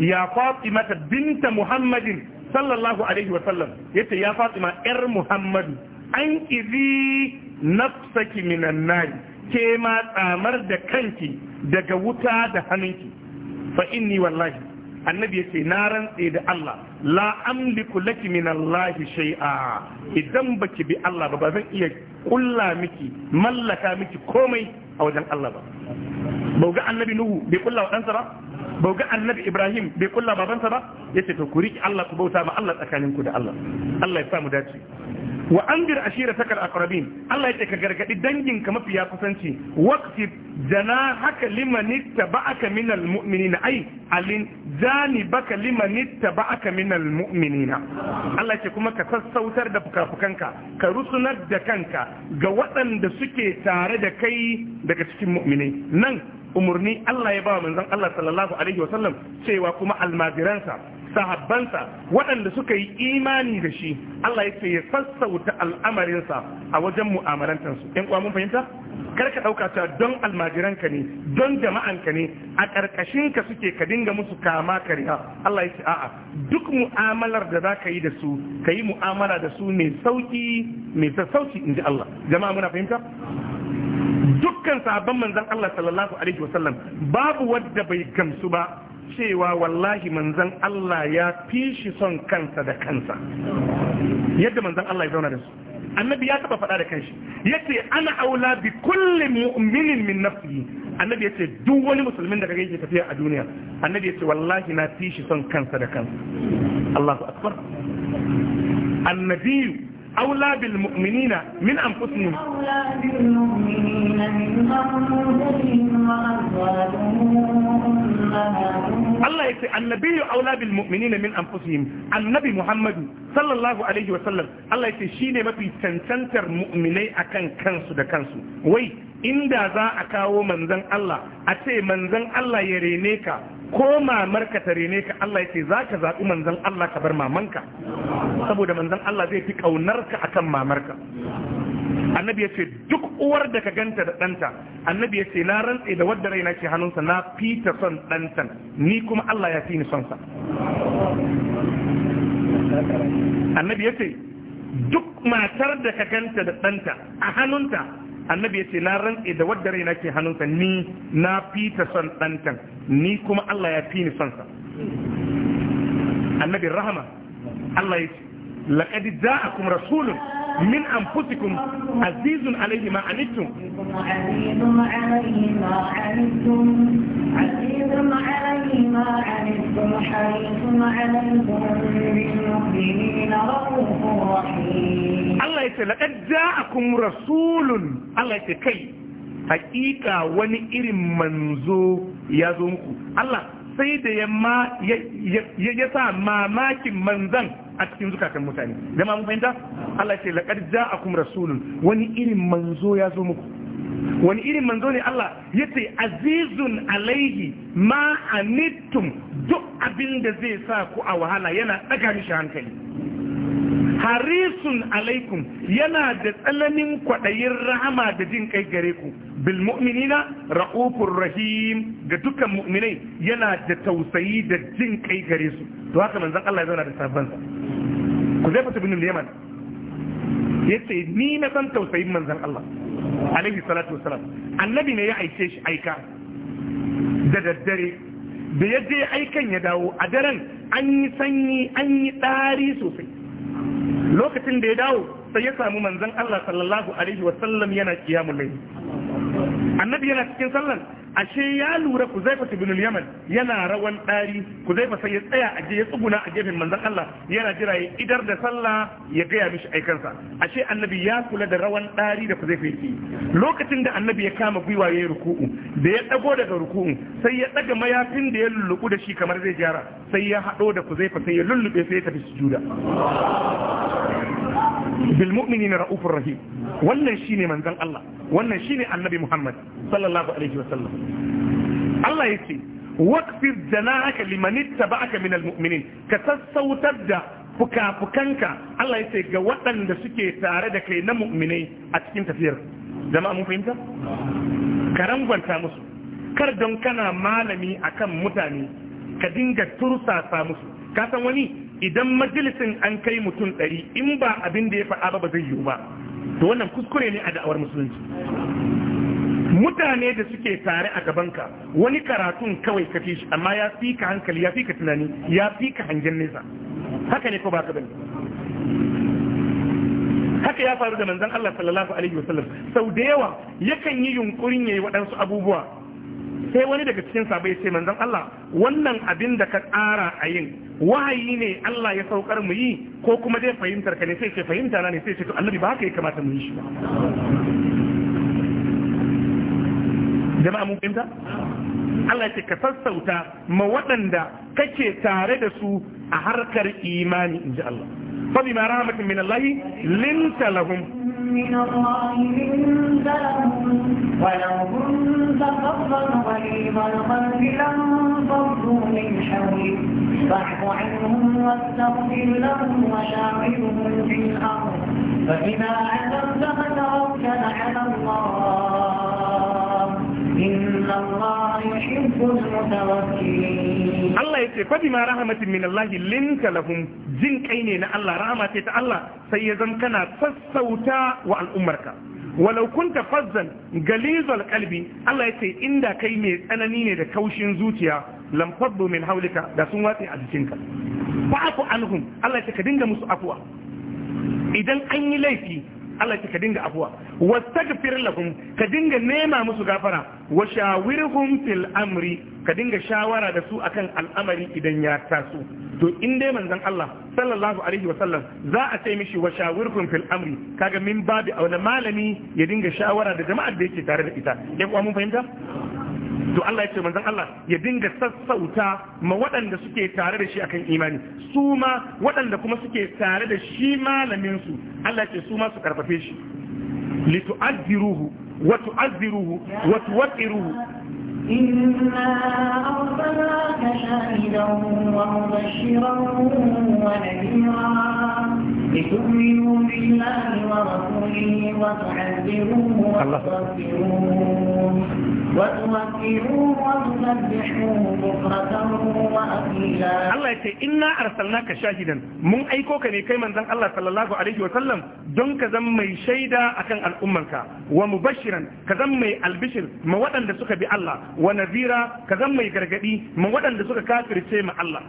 Speaker 1: ya Fatimata binta muhammadin sallallahu alaihi wa sallam yace ya fatima yar muhammadu an izi nafsaki minan nari ke ma tsamar da kanki daga wuta da hannunki fa inni wallahi annabi yace na rantse da Allah la amliku laki min Allah shay'a idan baki bi Allah ba zan iya kulla miki mallaka miki komai a wajen Allah ba bau ga annabi nuhu bai kulla wa ɗansa ba ba ga annabi ibrahim bai kulla babansa ba yace to ku riki Allah ku bauta ma Allah tsakaninku da Allah Allah ya samu dace wa andir ashirataka al-aqrabin Allah ce ka gargadi danginka mafiya kusanci waqti janahaka liman ittaba'aka min al-mu'minin ay alin janibaka liman ittaba'aka min al-mu'minin Allah ce kuma ka sassautar da fukafukanka ka rusunar da kanka ga waɗanda suke tare da kai daga cikin mu'minai nan umarni Allah ya ba manzon Allah sallallahu alaihi sallam, cewa kuma almajiransa sahabbansa waɗanda suka yi imani da shi Allah ya ce ya sassauta al'amarinsa a wajen mu'amalantansu ƴan uwa mun fahimta kar ka ɗauka cewa don almajiranka ne don jama'anka ne a ka suke ka dinga musu kama kariya Allah ya ce a'a duk mu'amalar da za ka yi da su ka yi mu'amala da su mai sauki mai sassauci in ji Allah jama'a muna fahimta dukkan sabon manzan Allah sallallahu alaihi wasallam babu wadda bai gamsu ba cewa wallahi manzan Allah ya fi shi son kansa da kansa yadda manzan Allah ya zauna da su annabi ya taba faɗa da kanshi yace ana aula bi kulli mu'minin min nafsihi annabi yace duk wani musulmin da kage yake tafiya a duniya annabi yace wallahi na fi shi son kansa da kansa Allahu akbar annabi أولى بالمؤمنين من أنفسهم
Speaker 2: أولى بالمؤمنين من أنفسهم
Speaker 1: Allah ya ce annabi ya aula bil mu'minina min anfusihim annabi Muhammadu sallallahu alaihi wa sallam Allah ya ce shine mafi cancantar mu'minai akan kansu da kansu wai inda za a kawo manzan Allah a ce manzan Allah ya rene ka ko mamarka ta rene ka Allah ya ce za ka zaɓi manzan Allah ka bar mamanka saboda manzan Allah zai fi ƙaunarka akan mamarka annabi ya ce duk uwar da ka ganta da ɗanta annabi ya ce na rantse da wadda raina ke hannunsa na fita son ɗantan ni kuma Allah ya fi ni son annabi ya ce duk matar da ka ganta da ɗanta a hannunta annabi ya ce na rantse da wadda raina ke hannunsa ni na fita son ɗantan ni kuma Allah ya fi ni sonsa annabi rahama Allah ya ce لقد جاءكم رسول من أنفسكم عزيز عليه ما عنتم
Speaker 2: عزيز عليه ما عنتم عزيز عليه ما عنتم حريص عليكم بالمؤمنين رؤوف رحيم
Speaker 1: الله يسأل لقد جاءكم رسول الله يسأل كي حقيقة ونئر منزو يا زمكم الله sai da ya sa mamakin manzan a cikin zukatan mutane zama mun fahimta Allah ce laqad ja'akum rasulun wani irin manzo ya zo muku wani irin manzo ne Allah ya ce azizun alaihi ma anittum duk abin da zai sa ku a wahala yana daga mishi hankali harisun alaikum yana da tsananin kwaɗayin rahama da jin kai gare ku Bilmuminina mu'minina ra'ufur rahim ga dukkan mu'minai yana da tausayi da jin kai gare su to haka manzon Allah ya zauna da sa. ku zai fata binin Yaman yace ni na san tausayin manzon Allah alaihi salatu wassalam annabi ne ya aike shi aika da daddare da ya je aikan ya dawo a daren an yi sanyi an yi ɗari sosai lokacin da ya dawo sai ya samu manzon Allah sallallahu alaihi wasallam yana kiyamun laifi annabi yana cikin sallan ashe ya lura ku zaifa ibn yaman yana rawan ɗari ku zaifa sai ya tsaya a ya tsuguna a gefen manzan Allah yana jira ya idar da sallah ya gaya mishi aikansa ashe annabi ya kula da rawan ɗari da ku zaifa yake lokacin da annabi ya kama gwiwa ya yi ruku'u da ya ɗago daga ruku'u sai ya ɗaga mayafin da ya lullubu da shi kamar zai gyara sai ya haɗo da ku zaifa sai ya lullube sai ya tafi sujuda bil mu'minina ra'ufur rahim wannan ne manzan Allah wannan ne annabi Muhammad sallallahu alaihi wasallam Allah yace waqfir janahaka liman ittaba'aka minal mu'minin ka sassautar da fuka-fukanka Allah ya ce ga waɗanda suke tare da kai na mu'minai a cikin tafiyar jama'a mun fahimta? karangwanta musu kar don kana malami akan mutane ka dinga tursasa musu kasan wani idan majalisin an kai mutum ɗari in ba abin da ya faɗa ba ba zai yiwu ba to wannan kuskure ne a da'awar musulunci mutane da suke tare a gabanka wani karatun kawai ka fi shi amma ya fi ka hankali ya fi ka tunani ya fi ka hangen nesa haka ne ko ba ka bane haka ya faru da manzon Allah sallallahu alaihi wasallam sau da yawa yakan yi yunkurin yayi waɗansu abubuwa sai wani daga cikin sabai sai manzan Allah wannan abin da ka tsara a yin wahayi ne Allah ya saukar mu yi ko kuma dai fahimtar ka ne sai ce fahimta na ne sai ce to annabi ba haka ya kamata mu yi shi jama'a mun fahimta Allah ce ka sassauta ma waɗanda kake tare da su a harkar imani inji Allah fabi ma من الله لنت لهم
Speaker 2: ولو كنت فضلا غليظ القلب لانفضوا من حولك فاعف عنهم واستغفر لهم وشاورهم في الامر فاذا عزمت فتوكل على الله
Speaker 1: ان الله يحب المتوكلين الله يقول فبما رحمة من الله لنك لهم جنك أيني الله رحمة الله سيزن كان فسوتا والأمرك walau kunta fazzan galizal kalbi Allah ya ce inda kai mai tsanani ne da kaushin zuciya lam domin min haulika da sun watse a jikinka fa'fu anhum Allah ya ce ka dinga musu afuwa idan an yi laifi Allah ka dinga afuwa wastaghfir lahum ka dinga nema musu gafara wa shawirhum fil amri ka dinga shawara da su akan al'amari idan ya taso to in dai manzon Allah sallallahu alaihi wasallam za a ce mishi wa shawirhum fil amri kaga min babi auna malami ya dinga shawara da jama'ar da yake tare da ita ya mun fahimta to Allah ya ce manzon Allah ya dinga sassauta ma waɗanda suke tare da shi akan imani su ma waɗanda kuma suke tare da shi malamin su Allah ya ce su ma su karfafe shi litu'azziruhu wa tu'azziruhu wa tuwaqiruhu
Speaker 2: إنا أرسلناك شاهدا ومبشرا ونذيرا لتؤمنوا بالله ورسوله وتعذروه وتوكروه وتوكروه وتسبحوه بكرة وأصيلا
Speaker 1: الله يتي إنا أرسلناك شاهدا من أيكوك نيكي من ذنب الله صلى الله عليه وسلم دون كزمي شيدا أكن الأمك ومبشرا كزمي البشر موطن دسوك بالله ونذيرا كزمي غرغدي موطن دسوك كافر سيما الله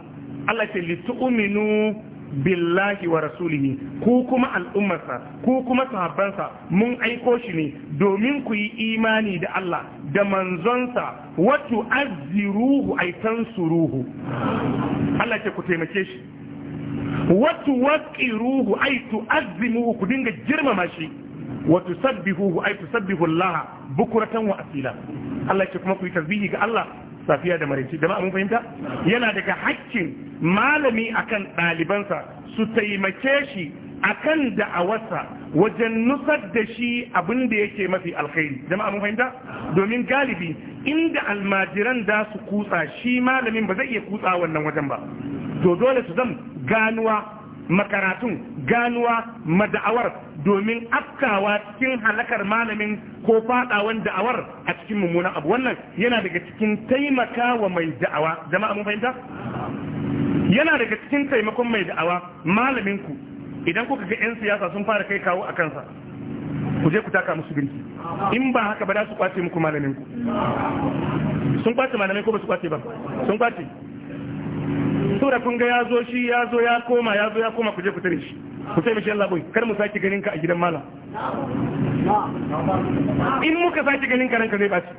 Speaker 1: Allah ce li tu'minu billahi wa rasulihi ku kuma al'ummarsa ku kuma sahabbansa mun aiko shi ne domin ku yi imani da Allah da manzonsa wato azziruhu ay tansuruhu Allah ce ku taimake shi wato waqiruhu ay tu'azzimuhu ku dinga girmama shi wato sabbihuhu ay tusabbihu Allah bukuratan wa asila Allah ce kuma ku yi tasbihi ga Allah safiya da maraici jama'a mun fahimta yana daga haƙƙin malami akan ɗalibansa su taimake shi akan da'awarsa wajen nusar da shi abin da yake mafi alkhairi jama'a mun fahimta domin galibi inda almajiran da su kutsa shi malamin ba zai iya kutsa wannan wajen ba to dole su zan ganuwa makaratun ganuwa mada'awar domin afkawa cikin halakar malamin ko fadawan da'awar a cikin mummunan abu wannan yana daga cikin taimaka wa mai da'awa jama'a mun fahimta yana daga cikin taimakon mai da'awa malamin ku idan kuka ga 'yan siyasa sun fara kai kawo a kansa ku je ku taka musu binci in ba haka ba za su kwace muku malamin ku sun kwace malamin ko ba su kwace ba sun kwace sura kun ga ya zo shi ya zo ya koma ya zo ya koma ku je ku tare shi ku sai mishi Allah boy kar mu saki ganin ka a gidan malam in muka saki ganin ka ranka zai baci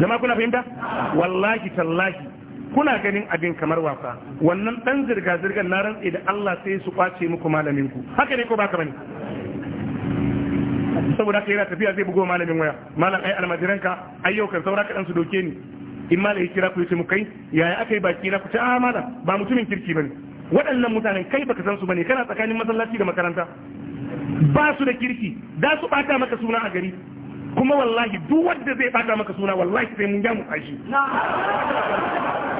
Speaker 1: jama'a kuna fahimta wallahi tallahi kuna ganin abin kamar wasa wannan dan zirga zirgar na rantsi da Allah sai su kwace muku malamin ku haka ne ko baka bane saboda kai yana tafiya zai bugo malamin waya malam ai almajiranka ayyukan saura ka dan su doke ni in ma ya kira ku yace mu kai yaya aka yi baki na ku ta a ah, malam ba mutumin kirki bane waɗannan mutanen kai baka san su bane kana tsakanin masallaci da makaranta ba su da kirki da su bata maka suna a gari kuma wallahi duk wanda zai bata maka suna wallahi sai mun mu tsashi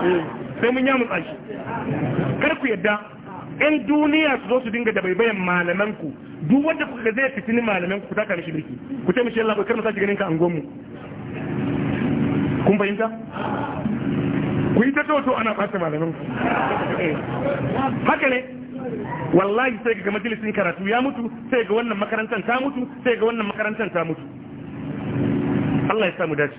Speaker 1: eh, sai mun mu tsashi kar ku yadda ɗan duniya su zo su dinga da baibayan malaman ku duk wanda kuka zai fitini malaman ku taka mishi birki ku ce mishi Allah kar mu sake ganin ka angon mu kun fahimta ku yi ta toto ana ɓata malamin haka ne wallahi sai ga majalisin karatu ya mutu sai ga wannan makarantar ta mutu sai ga wannan makarantar ta mutu Allah ya samu dace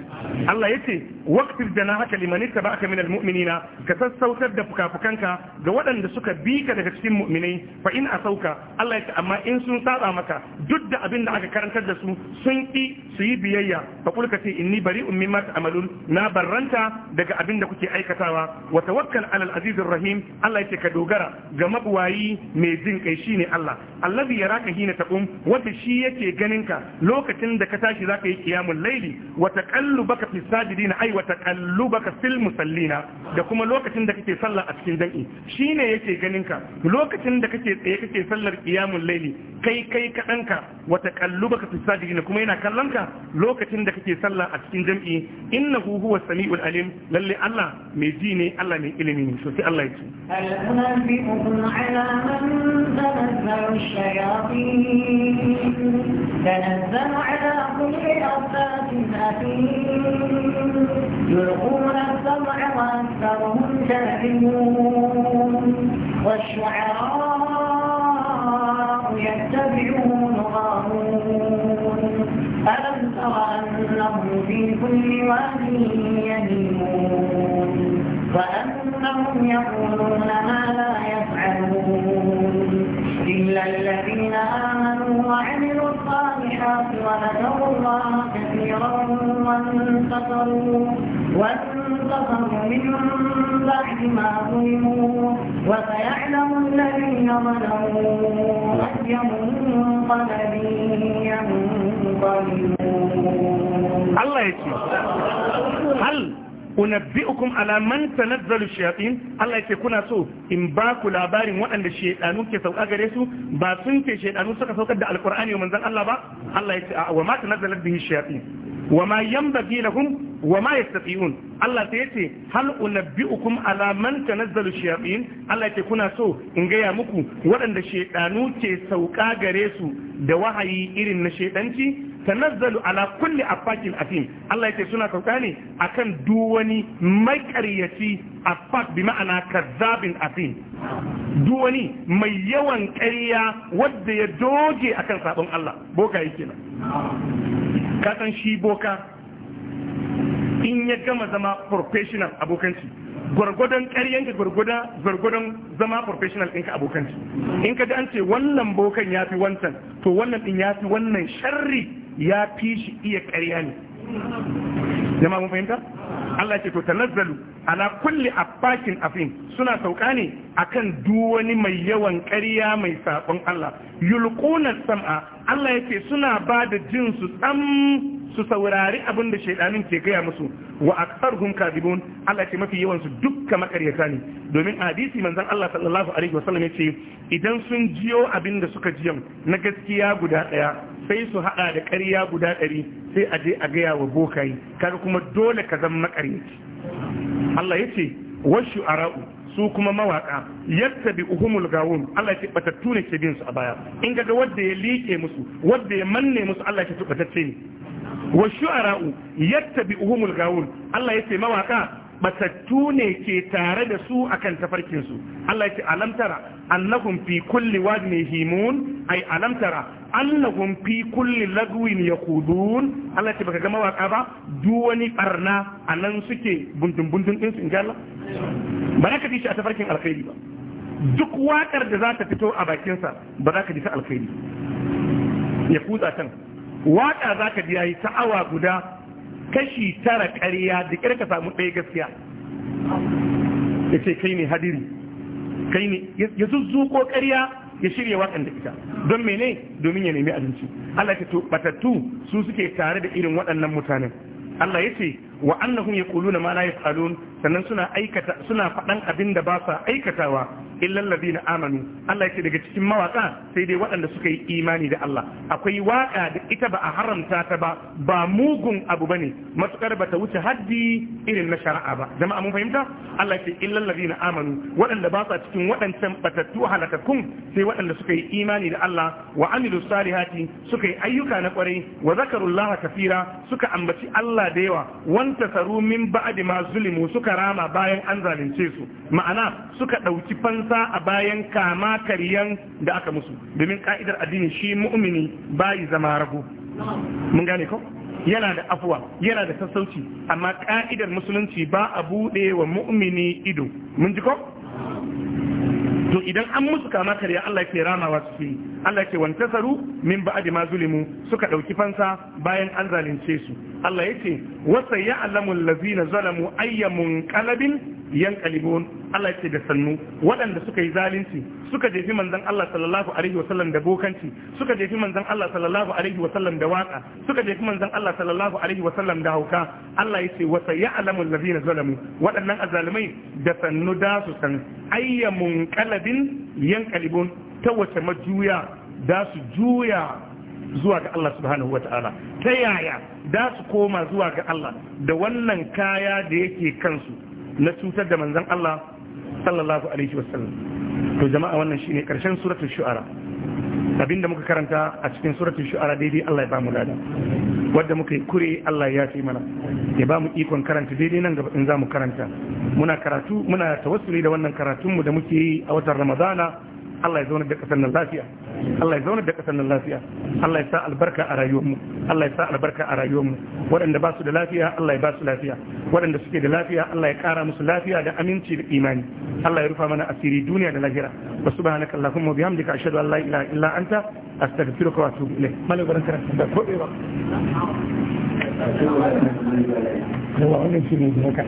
Speaker 1: Allah yace waqtir janahaka liman ittaba'aka min almu'minina ka sassautar da fukafukanka ga waɗanda suka bi ka daga cikin mu'minai fa in asauka Allah yace amma in sun saba maka duk da abin da aka karantar da su sun ki su yi biyayya fa kulka ce inni bari'un mimma ta'malun na barranta daga abin da kuke aikatawa wa tawakkal ala al-azizir rahim Allah yace ka dogara ga mabuwayi mai jin kai shine Allah allazi yaraka hina taqum wanda shi yake ganin ka lokacin da ka tashi zaka yi qiyamul layli wa taqallubaka fi sajidina ai wa taqallubaka fil musallina da kuma lokacin da kake sallah a cikin dan'i shine yake ganin ka lokacin da kake sallar qiyamul layli kai kai kaɗanka ka wa taqallubaka fi sajidina kuma yana kallon ka lokacin da kake sallah a cikin jam'i innahu huwa samiul alim lalle Allah mai ji ne Allah mai ilimi ne so sai Allah ya ce
Speaker 2: al-munafiqun ala man tanazzalu ash-shayatin tanazzalu ala kulli أثيم يلقون السمع وأكثرهم كاذبون والشعراء يتبعون غارون ألم تر أنهم في كل واد يهيمون وأنهم يقولون ما لا يفعلون إلا الذين آمنوا وعملوا الصالحات وأتوا الله كثيرا وانتصروا وانتصروا من بعد ما ظلموا وسيعلم الذين ظلموا أي منقلب ينقلبون
Speaker 1: الله يسمع هل unabbi'ukum ala man tanazzalu shayatin Allah yake kuna so in ba ku labarin waɗanda shaydanu ke sauka gare su ba sun ce shaydanu suka saukar da alqur'ani wa manzon Allah ba Allah yake a wa ma tanazzala bihi shayatin wa ma yanbaghi lahum wa ma yastati'un Allah sai yace hal unabbi'ukum ala man tanazzalu shayatin Allah yake kuna so in gaya muku waɗanda shaydanu ke sauka gare su da wahayi irin na shaydanci tanazzalu ala kulli afakin afim Allah yake suna kauka ne akan duk wani ƙaryaci afak bi ma'ana kazzabin afim duk wani mai yawan ƙarya wanda ya doge akan sabon Allah boka yake nan ka san shi boka in ya gama zama professional abokanci gwargwadon ƙaryanka gwargwadon zama professional ɗinka abokanci in ka ji an ce wannan bokan ya fi wancan to wannan ɗin ya fi wannan sharri ya fi shi iya ƙarya ne jama mun fahimta Allah ce to tanazzalu ala kulli abbakin afin suna sauka ne akan duk wani mai yawan ƙarya mai sabon Allah yulquna sam'a Allah yake suna ba da jin su tsam su saurari abin da shaidanin ke gaya musu wa hun kadibun Allah ce mafi yawan su dukka makaryata ne domin hadisi manzon Allah sallallahu alaihi wa sallam yace idan sun jiyo abin da suka jiyan na gaskiya guda daya sai su hada da ƙarya guda ɗari sai a je a gaya wa bokai kaga kuma dole ka zama makaryaci Allah yace washu ara'u su kuma mawaka yadda bi uhumul gawun Allah ya tabbata ne ke bin su a baya in ga wanda ya liƙe musu wanda ya manne musu Allah ya tabbata ne wa shu'ara'u yattabi'uhumul gawun Allah yace mawaka batattu ne ke tare da su akan tafarkin su Allah yace alam tara annahum fi kulli wadin himun ay alam tara annahum fi kulli lagwin yaqudun Allah yace baka ga mawaka ba duk wani barna anan suke bundun bundun din su inga Allah baraka shi a tafarkin alkhairi ba duk wakar da za ta fito a bakinsa ba za ka ji ta alkhairi ya kutsa can waƙa za ka biya yi ta awa guda kashi tara ƙarya da ƙyar ka samu ɗaya gaskiya ya ce kai ne hadiri kai ne ya zuzzuko ƙarya ya shirya waƙan da ita don mene domin ya nemi abinci Allah ya ce batattu su suke tare da irin waɗannan mutanen Allah ya ce wa annahum yaquluna ma la yaf'alun sannan suna aikata suna faɗan abin da ba sa aikatawa illal na amanu Allah yake daga cikin mawaka sai dai waɗanda suka yi imani da Allah akwai waka da ita ba a haramta ta ba ba mugun abu bane matukar ba ta wuce haddi irin na shari'a ba jama'a mun fahimta Allah yake illal ladina amanu waɗanda ba sa cikin waɗancan batattu halakakun sai waɗanda suka yi imani da Allah wa amilus salihati suka yi ayyuka na kwarai wa zakarullaha kafira suka ambaci Allah da yawa tasaru min ba'di ma zulimu suka rama bayan an zalunce su ma'ana suka ɗauki fansa a bayan kama kariyan da aka musu domin ka'idar addini shi mu'mini bayi zama rago mun gane ko yana da afuwa yana da sassauci amma ka'idar musulunci ba a buɗe wa mu'mini ido mun ji ko to idan an musu kama kariya, Allah ke ramawa su yi Allah ke saru min ba'di ma zulimu suka ɗauki fansa bayan an zalunce su Allah ya ce wasa ya alamun lazina zalamu ayyamun kalabin yan kalibon Allah ya ce da sannu waɗanda suka yi zalunci suka jefi manzan Allah sallallahu alaihi wasallam da bokanci suka jefi manzan Allah sallallahu alaihi wasallam da waka suka jefi manzan Allah sallallahu alaihi wasallam da hauka Allah ya ce wasa ya alamun lazina zalamu waɗannan azalumai da sannu da su san ayyamun kalabin yan kalibon ta wace majuya da su juya zuwa ga Allah subhanahu wata'ala ta yaya da su koma zuwa ga Allah da wannan kaya da yake kansu na cutar da manzan Allah sallallahu alaihi wasallam to jama'a wannan shine karshen suratul shu'ara abinda muka karanta a cikin suratul shu'ara daidai Allah ya ba mu dada wadda muka yi kure Allah ya fi mana ya ba mu ikon karanta daidai nan gaba in za mu karanta muna karatu muna tawassuli da wannan karatunmu da muke yi a watan ramadana Allah ya zauna da ƙasar nan lafiya Allah ya zauna da ƙasar nan lafiya Allah ya sa albarka a rayuwarmu Allah ya sa albarka a rayuwarmu waɗanda ba su da lafiya Allah ya ba su lafiya waɗanda suke da lafiya Allah ya ƙara musu lafiya da aminci da imani Allah ya rufa mana asiri duniya da lahira wa subhanaka allahumma bihamdika ashhadu an la ilaha illa anta astaghfiruka wa atubu ilayk malai barin kara da kodewa Yawa wannan shi ne da haka.